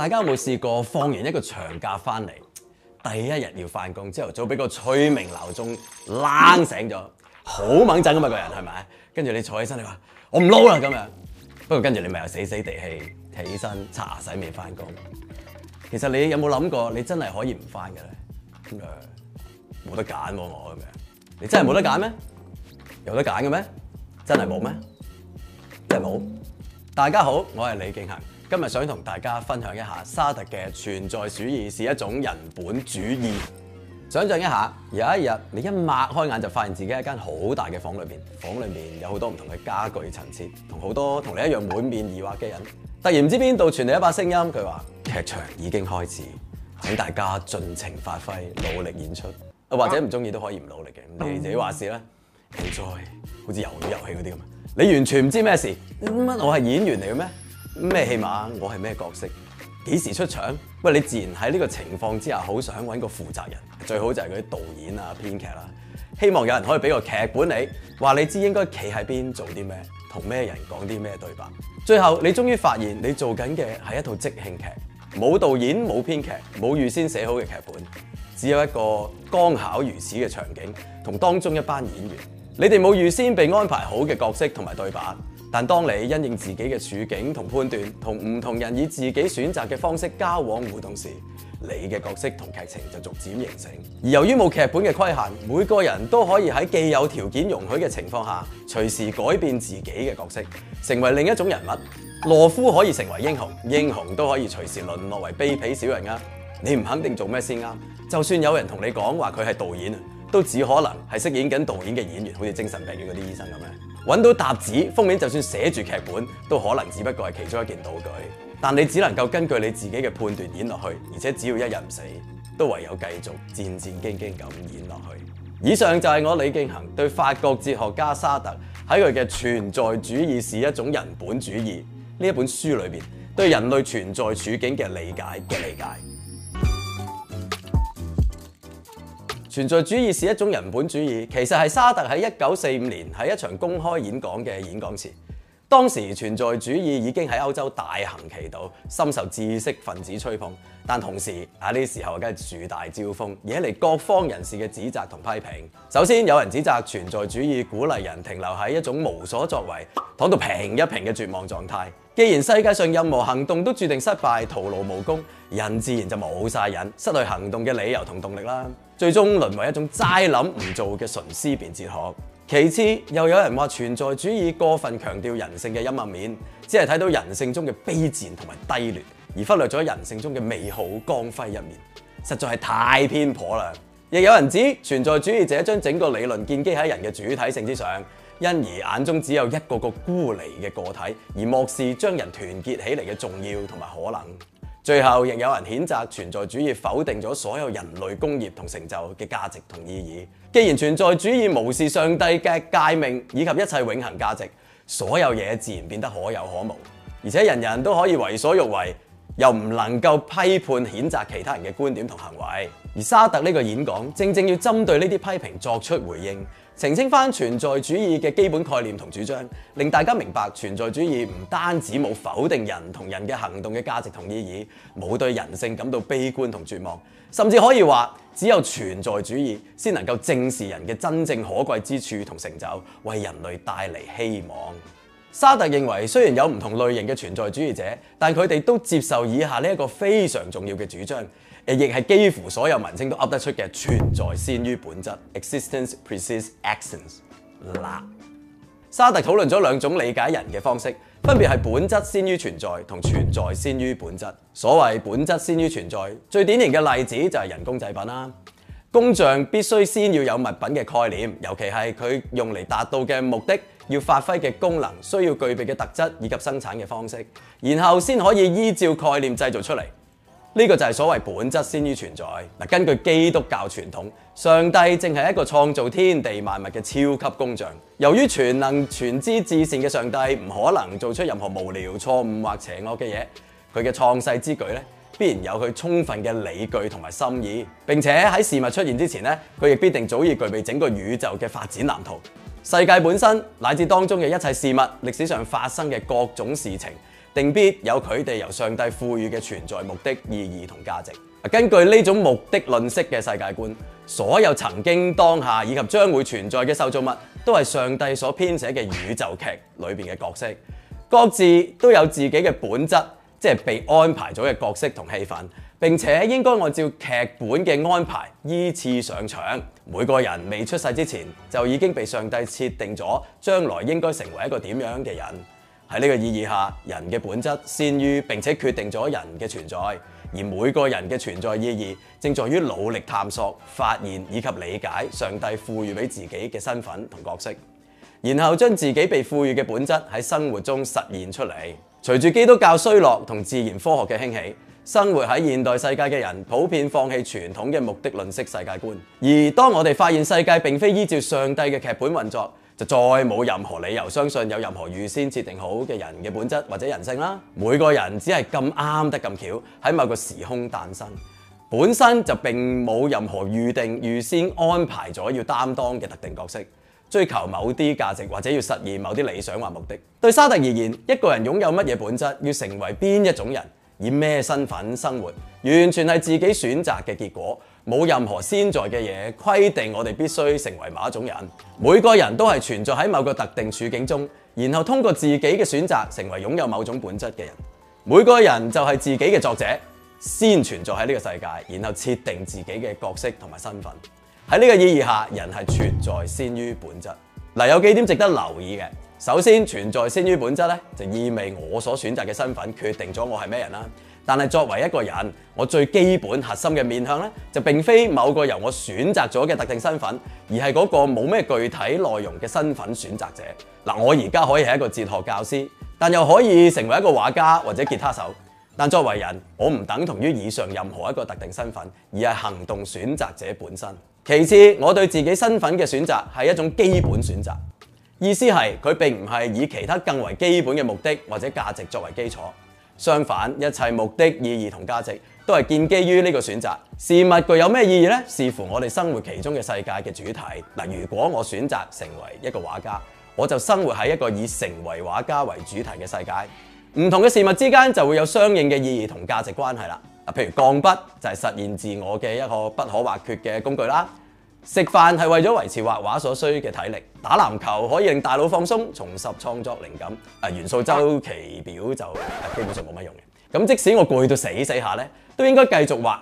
大家有冇試過放完一個長假翻嚟，第一日要翻工，朝頭早俾個催眠鬧鐘冷醒咗，好掹震咁嘛？個人係咪？跟住你坐起身，你話我唔撈啦咁樣。不過跟住你咪又死死地氣起身擦洗面翻工。其實你有冇諗過，你真係可以唔翻嘅咧？咁、嗯、啊，冇得揀喎，我咁樣。你真係冇得揀咩？有得揀嘅咩？真係冇咩？真係冇。大家好，我係李敬恒。今日想同大家分享一下沙特嘅存在主義係一種人本主義。想象一下，有一日你一擘開眼就發現自己喺間好大嘅房裏面，房裏面有好多唔同嘅家具陳設，同好多同你一樣滿面疑惑嘅人。突然唔知邊度傳嚟一把聲音，佢話劇場已經開始，請大家盡情發揮，努力演出。或者唔中意都可以唔努力嘅，你自己話事啦。你再好似遊戲、遊戲嗰啲咁，你完全唔知咩事。你、嗯、乜我係演員嚟嘅咩？咩戲碼？我係咩角色？幾時出場？喂，你自然喺呢個情況之下，好想揾個負責人，最好就係嗰啲導演啊、編劇啦，希望有人可以俾個劇本你，話你知應該企喺邊做啲咩，同咩人講啲咩對白。最後你終於發現，你做緊嘅係一套即興劇，冇導演、冇編劇、冇預先寫好嘅劇本，只有一個剛巧如此嘅場景，同當中一班演員，你哋冇預先被安排好嘅角色同埋對白。但當你因應自己嘅處境同判斷，同唔同人以自己選擇嘅方式交往互動時，你嘅角色同劇情就逐漸形成。而由於冇劇本嘅規限，每個人都可以喺既有條件容許嘅情況下，隨時改變自己嘅角色，成為另一種人物。懦夫可以成為英雄，英雄都可以隨時淪落為卑鄙小人啊，你唔肯定做咩先啱，就算有人同你講話佢係導演，都只可能係飾演緊導演嘅演員，好似精神病院嗰啲醫生咁樣。揾到搭子，封面就算寫住劇本，都可能只不過係其中一件道具。但你只能夠根據你自己嘅判斷演落去，而且只要一日唔死，都唯有繼續戰戰兢兢咁演落去。以上就係我李敬恒對法國哲學家沙特喺佢嘅《存在主義是一種人本主義》呢一本書裏邊對人類存在處境嘅理解嘅理解。存在主義是一種人本主義，其實係沙特喺一九四五年喺一場公開演講嘅演講詞。當時存在主義已經喺歐洲大行其道，深受知識分子吹捧，但同時啊，呢時候梗係樹大招風，惹嚟各方人士嘅指責同批評。首先有人指責存在主義鼓勵人停留喺一種無所作為、躺到平一平嘅絕望狀態。既然世界上任何行動都注定失敗、徒勞無功，人自然就冇晒人失去行動嘅理由同動力啦。最終淪為一種齋諗唔做嘅純思辨哲學。其次，又有人話存在主義過分強調人性嘅陰暗面，只係睇到人性中嘅卑賤同埋低劣，而忽略咗人性中嘅美好光輝一面，實在係太偏頗啦。亦有人指存在主義者將整個理論建基喺人嘅主體性之上，因而眼中只有一個個孤離嘅個體，而漠視將人團結起嚟嘅重要同埋可能。最後，亦有人譴責存在主義否定咗所有人類工業同成就嘅價值同意義。既然存在主義無視上帝嘅誡命以及一切永恒價值，所有嘢自然變得可有可無，而且人人都可以為所欲為，又唔能夠批判譴責其他人嘅觀點同行為。而沙特呢個演講正正要針對呢啲批評作出回應。澄清翻存在主義嘅基本概念同主張，令大家明白存在主義唔單止冇否定人同人嘅行動嘅價值同意義，冇對人性感到悲觀同絕望，甚至可以話只有存在主義先能夠正視人嘅真正可貴之處同成就，為人類帶嚟希望。沙特認為，雖然有唔同類型嘅存在主義者，但佢哋都接受以下呢一個非常重要嘅主張。亦係幾乎所有文青都噏得出嘅存在先於本質 （existence precedes essence）。啦，沙特討論咗兩種理解人嘅方式，分別係本質先於存在同存在先於本質。所謂本質先於存在，最典型嘅例子就係人工製品啦。工匠必須先要有物品嘅概念，尤其係佢用嚟達到嘅目的、要發揮嘅功能、需要具備嘅特質以及生產嘅方式，然後先可以依照概念製造出嚟。呢個就係所謂本質先於存在。根據基督教傳統，上帝正係一個創造天地萬物嘅超級工匠。由於全能、全知、至善嘅上帝唔可能做出任何無聊、錯誤或邪惡嘅嘢，佢嘅創世之舉咧，必然有佢充分嘅理據同埋心意，並且喺事物出現之前咧，佢亦必定早已具備整個宇宙嘅發展藍圖。世界本身乃至當中嘅一切事物，歷史上發生嘅各種事情。定必有佢哋由上帝賦予嘅存在目的、意義同價值。根據呢種目的論式嘅世界觀，所有曾經、當下以及將會存在嘅受造物，都係上帝所編寫嘅宇宙劇裏邊嘅角色，各自都有自己嘅本質，即係被安排咗嘅角色同戲份，並且應該按照劇本嘅安排依次上場。每個人未出世之前，就已經被上帝設定咗將來應該成為一個點樣嘅人。喺呢個意義下，人嘅本質先於並且決定咗人嘅存在，而每個人嘅存在意義正在於努力探索、發現以及理解上帝賦予俾自己嘅身份同角色，然後將自己被賦予嘅本質喺生活中實現出嚟。隨住基督教衰落同自然科學嘅興起，生活喺現代世界嘅人普遍放棄傳統嘅目的論式世界觀，而當我哋發現世界並非依照上帝嘅劇本運作，就再冇任何理由相信有任何預先設定好嘅人嘅本質或者人性啦。每個人只係咁啱得咁巧喺某個時空誕生，本身就並冇任何預定、預先安排咗要擔當嘅特定角色，追求某啲價值或者要實現某啲理想或目的。對沙特而言，一個人擁有乜嘢本質，要成為邊一種人，以咩身份生活，完全係自己選擇嘅結果。冇任何先在嘅嘢規定我哋必須成為某一種人，每個人都係存在喺某個特定處境中，然後通過自己嘅選擇成為擁有某種本質嘅人。每個人就係自己嘅作者，先存在喺呢個世界，然後設定自己嘅角色同埋身份。喺呢個意義下，人係存在先於本質。嗱，有幾點值得留意嘅。首先，存在先於本質呢，就意味我所選擇嘅身份決定咗我係咩人啦。但係作為一個人，我最基本核心嘅面向呢，就並非某個由我選擇咗嘅特定身份，而係嗰個冇咩具體內容嘅身份選擇者。嗱，我而家可以係一個哲學教師，但又可以成為一個畫家或者吉他手。但作為人，我唔等同於以上任何一個特定身份，而係行動選擇者本身。其次，我對自己身份嘅選擇係一種基本選擇，意思係佢並唔係以其他更為基本嘅目的或者價值作為基礎。相反，一切目的、意義同價值都係建基於呢個選擇。事物具有咩意義呢？視乎我哋生活其中嘅世界嘅主題。嗱，如果我選擇成為一個畫家，我就生活喺一個以成為畫家為主題嘅世界。唔同嘅事物之間就會有相應嘅意義同價值關係啦。嗱，譬如鋼筆，就係實現自我嘅一個不可或缺嘅工具啦。食飯係為咗維持畫畫所需嘅體力，打籃球可以令大腦放鬆，重拾創作靈感。啊、呃，元素周期表就、呃、基本上冇乜用嘅。咁即使我攰到死死下呢，都應該繼續畫，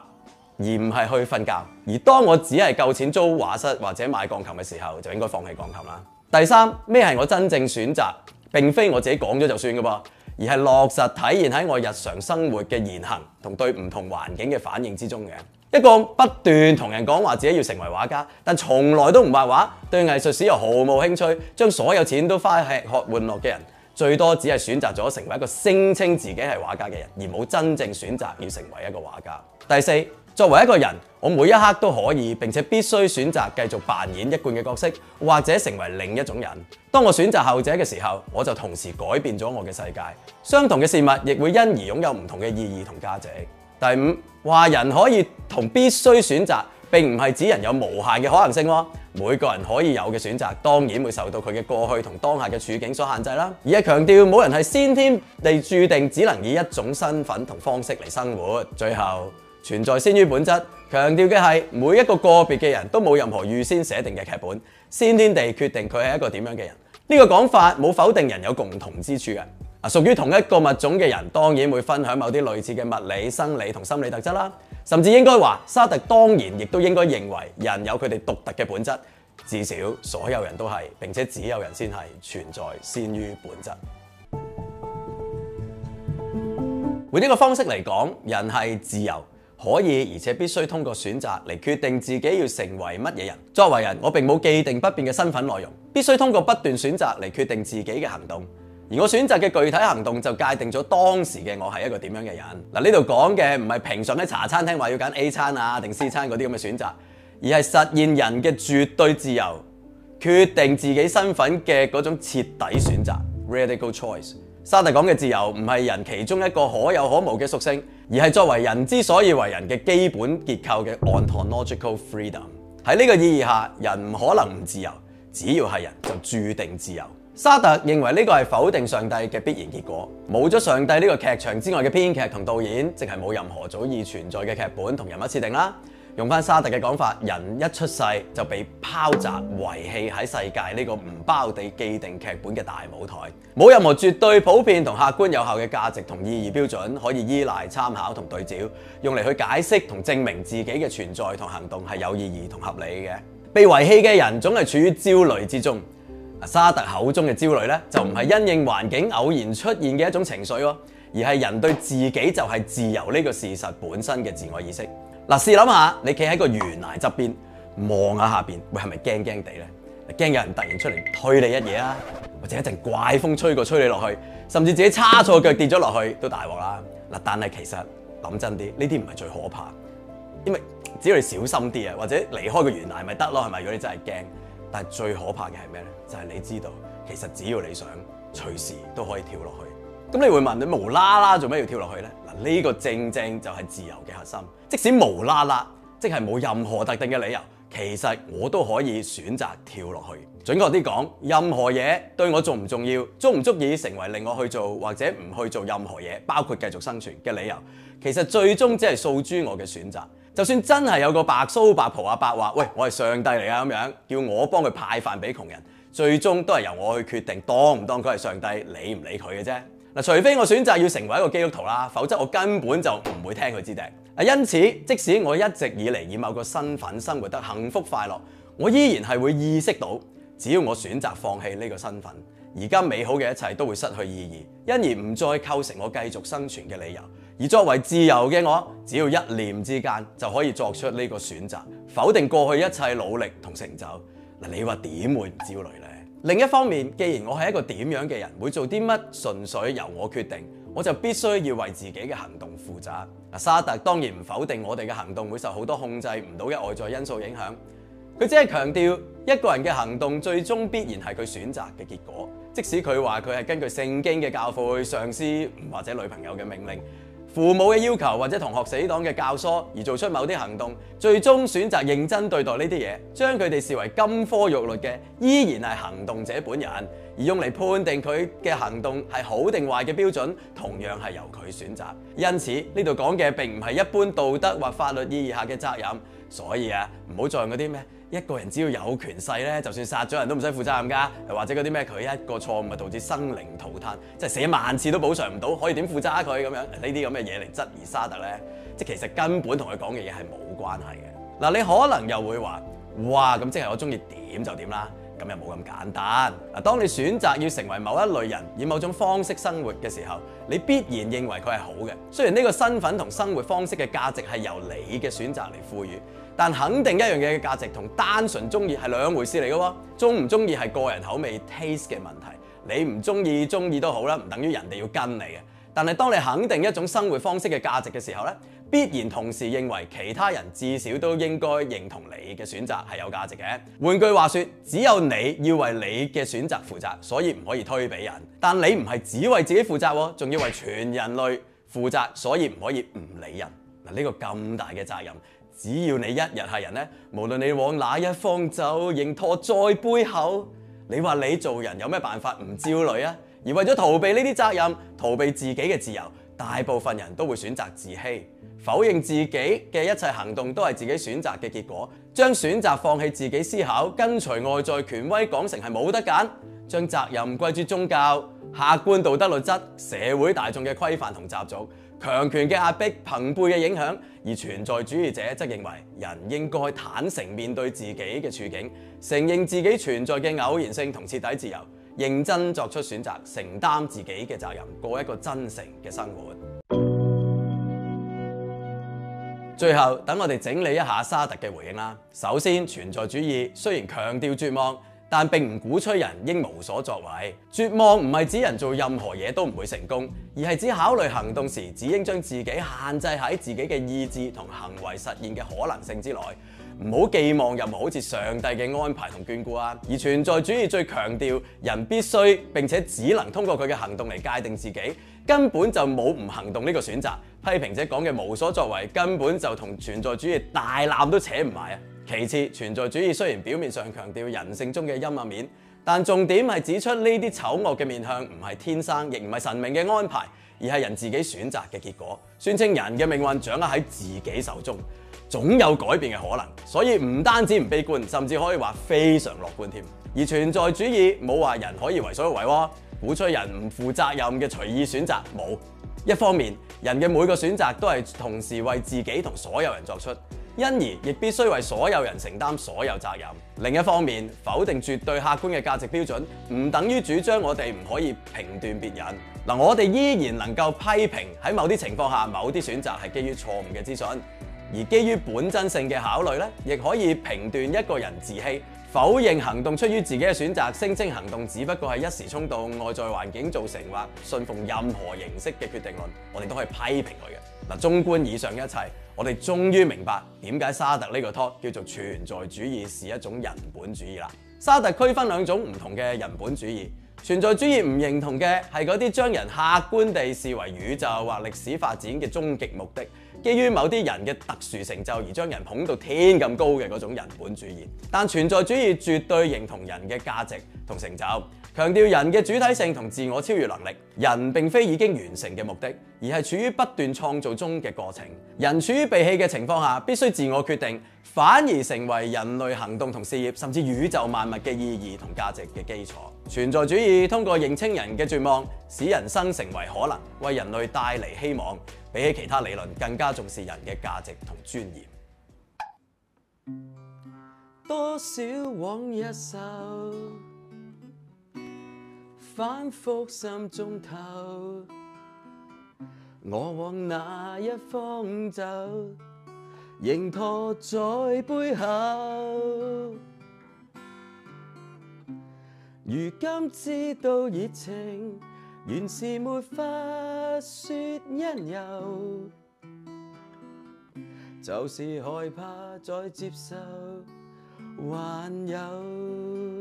而唔係去瞓覺。而當我只係夠錢租畫室或者買鋼琴嘅時候，就應該放棄鋼琴啦。第三，咩係我真正選擇，並非我自己講咗就算㗎噃，而係落實體現喺我日常生活嘅言行同對唔同環境嘅反應之中嘅。一個不斷同人講話自己要成為畫家，但從來都唔畫畫，對藝術史又毫無興趣，將所有錢都花喺吃喝玩樂嘅人，最多只係選擇咗成為一個聲稱自己係畫家嘅人，而冇真正選擇要成為一個畫家。第四，作為一個人，我每一刻都可以，並且必須選擇繼續扮演一貫嘅角色，或者成為另一種人。當我選擇後者嘅時候，我就同時改變咗我嘅世界，相同嘅事物亦會因而擁有唔同嘅意義同價值。第五話人可以同必須選擇，並唔係指人有無限嘅可能性喎。每個人可以有嘅選擇，當然會受到佢嘅過去同當下嘅處境所限制啦。而係強調冇人係先天地註定只能以一種身份同方式嚟生活。最後，存在先於本質，強調嘅係每一個個別嘅人都冇任何預先寫定嘅劇本，先天地決定佢係一個點樣嘅人。呢個講法冇否定人有共同之處嘅。屬於同一個物種嘅人，當然會分享某啲類似嘅物理、生理同心理特質啦。甚至應該話，沙特當然亦都應該認為人有佢哋獨特嘅本質，至少所有人都係，並且只有人先係存在先於本質。用呢個方式嚟講，人係自由，可以而且必須通過選擇嚟決定自己要成為乜嘢人。作為人，我並冇既定不變嘅身份內容，必須通過不斷選擇嚟決定自己嘅行動。而我選擇嘅具體行動就界定咗當時嘅我係一個點樣嘅人。嗱，呢度講嘅唔係平常喺茶餐廳話要揀 A 餐啊定 C 餐嗰啲咁嘅選擇，而係實現人嘅絕對自由，決定自己身份嘅嗰種徹底選擇 （radical choice）。沙特講嘅自由唔係人其中一個可有可無嘅屬性，而係作為人之所以為人嘅基本結構嘅 ontological freedom。喺呢個意義下，人唔可能唔自由，只要係人就注定自由。沙特認為呢個係否定上帝嘅必然結果，冇咗上帝，呢個劇場之外嘅編劇同導演，即係冇任何早已存在嘅劇本同人物設定啦。用翻沙特嘅講法，人一出世就被拋擲遺棄喺世界呢個唔包地既定劇本嘅大舞台，冇任何絕對普遍同客觀有效嘅價值同意義標準可以依賴參考同對照，用嚟去解釋同證明自己嘅存在同行動係有意義同合理嘅。被遺棄嘅人總係處於焦慮之中。沙特口中嘅焦慮咧，就唔係因應環境偶然出現嘅一種情緒喎，而係人對自己就係自由呢個事實本身嘅自我意識。嗱，試諗下，你企喺個懸崖側邊望下下邊，會係咪驚驚地咧？驚有人突然出嚟推你一嘢啊，或者一陣怪風吹過吹你落去，甚至自己叉錯腳跌咗落去都大禍大鑊啦。嗱，但係其實諗真啲，呢啲唔係最可怕，因為只要你小心啲啊，或者離開個懸崖咪得咯，係咪？如果你真係驚。但最可怕嘅係咩呢？就係你知道，其實只要你想，隨時都可以跳落去。咁你會問，你無啦啦做咩要跳落去呢？嗱，呢個正正就係自由嘅核心。即使無啦啦，即係冇任何特定嘅理由，其實我都可以選擇跳落去。準確啲講，任何嘢對我重唔重要，足唔足以成為令我去做或者唔去做任何嘢，包括繼續生存嘅理由，其實最終只係訴諸我嘅選擇。就算真係有個白鬚白袍阿伯話：「喂，我係上帝嚟啊，咁樣叫我幫佢派飯俾窮人，最終都係由我去決定當唔當佢係上帝，理唔理佢嘅啫。嗱，除非我選擇要成為一個基督徒啦，否則我根本就唔會聽佢支笛。啊，因此即使我一直以嚟以某個身份生活得幸福快樂，我依然係會意識到，只要我選擇放棄呢個身份，而家美好嘅一切都會失去意義，因而唔再構成我繼續生存嘅理由。而作為自由嘅我，只要一念之間就可以作出呢個選擇，否定過去一切努力同成就。嗱，你話點會唔焦慮呢？另一方面，既然我係一個點樣嘅人，會做啲乜，純粹由我決定，我就必須要為自己嘅行動負責。嗱，沙特當然唔否定我哋嘅行動會受好多控制唔到嘅外在因素影響，佢只係強調一個人嘅行動最終必然係佢選擇嘅結果，即使佢話佢係根據聖經嘅教誨、上司或者女朋友嘅命令。父母嘅要求或者同學死黨嘅教唆而做出某啲行動，最終選擇認真對待呢啲嘢，將佢哋視為金科玉律嘅，依然係行動者本人，而用嚟判定佢嘅行動係好定壞嘅標準，同樣係由佢選擇。因此呢度講嘅並唔係一般道德或法律意義下嘅責任，所以啊，唔好再用嗰啲咩。一個人只要有權勢咧，就算殺咗人都唔使負責任㗎，或者嗰啲咩佢一個錯誤啊導致生靈塗炭，即係死萬次都補償唔到，可以點負責佢咁樣？呢啲咁嘅嘢嚟質疑沙特咧，即係其實根本同佢講嘅嘢係冇關係嘅。嗱，你可能又會話：嘩，咁即係我中意點就點啦。咁又冇咁簡單嗱。當你選擇要成為某一類人，以某種方式生活嘅時候，你必然認為佢係好嘅。雖然呢個身份同生活方式嘅價值係由你嘅選擇嚟賦予，但肯定一樣嘢嘅價值同單純中意係兩回事嚟嘅喎。中唔中意係個人口味 taste 嘅問題，你唔中意中意都好啦，唔等於人哋要跟你嘅。但係當你肯定一種生活方式嘅價值嘅時候呢，必然同時認為其他人至少都應該認同你嘅選擇係有價值嘅。換句話說，只有你要為你嘅選擇負責，所以唔可以推俾人。但你唔係只為自己負責，仲要為全人類負責，所以唔可以唔理人。嗱，呢個咁大嘅責任，只要你一日係人呢，無論你往哪一方走，認錯在背後，你話你做人有咩辦法唔焦慮啊？而為咗逃避呢啲責任，逃避自己嘅自由。大部分人都會選擇自欺，否認自己嘅一切行動都係自己選擇嘅結果，將選擇放棄自己思考，跟隨外在權威講成係冇得揀，將責任歸諸宗教、客觀道德律則、社會大眾嘅規範同習俗、強權嘅壓迫、朋輩嘅影響。而存在主義者則認為，人應該坦誠面對自己嘅處境，承認自己存在嘅偶然性同徹底自由。認真作出選擇，承擔自己嘅責任，過一個真誠嘅生活。最後，等我哋整理一下沙特嘅回應啦。首先，存在主義雖然強調絕望，但並唔鼓吹人應無所作為。絕望唔係指人做任何嘢都唔會成功，而係指考慮行動時，只應將自己限制喺自己嘅意志同行為實現嘅可能性之內。唔好寄望任何好似上帝嘅安排同眷顧啊！而存在主義最強調人必須並且只能通過佢嘅行動嚟界定自己，根本就冇唔行動呢個選擇。批評者講嘅無所作為，根本就同存在主義大纜都扯唔埋啊！其次，存在主義雖然表面上強調人性中嘅陰暗面，但重點係指出呢啲醜惡嘅面向唔係天生，亦唔係神明嘅安排，而係人自己選擇嘅結果，宣稱人嘅命運掌握喺自己手中。總有改變嘅可能，所以唔單止唔悲觀，甚至可以話非常樂觀添。而存在主義冇話人可以為所欲為喎，鼓吹人唔負責任嘅隨意選擇冇。一方面，人嘅每個選擇都係同時為自己同所有人作出，因而亦必須為所有人承擔所有責任。另一方面，否定絕對客觀嘅價值標準，唔等於主張我哋唔可以評斷別人嗱，我哋依然能夠批評喺某啲情況下，某啲選擇係基於錯誤嘅資訊。而基於本真性嘅考慮咧，亦可以評斷一個人自欺、否認行動出於自己嘅選擇、聲稱行動只不過係一時衝動、外在環境造成或信奉任何形式嘅決定論，我哋都可以批評佢嘅。嗱，綜觀以上一切，我哋終於明白點解沙特呢個 talk 叫做存在主義是一種人本主義啦。沙特區分兩種唔同嘅人本主義，存在主義唔認同嘅係嗰啲將人客觀地視為宇宙或歷史發展嘅終極目的。基於某啲人嘅特殊成就而將人捧到天咁高嘅嗰種人本主義，但存在主義絕對認同人嘅價值同成就，強調人嘅主體性同自我超越能力。人並非已經完成嘅目的，而係處於不斷創造中嘅過程。人處於被棄嘅情況下，必須自我決定，反而成為人類行動同事業，甚至宇宙萬物嘅意義同價值嘅基礎。存在主義通過認清人嘅絕望，使人生成為可能，為人類帶嚟希望。比起其他理論，更加重視人嘅價值同尊嚴。多少往日愁，反覆心中透。我往那一方走，影拖在背後。如今知道熱情。原是沒法説因由，就是害怕再接受，還有。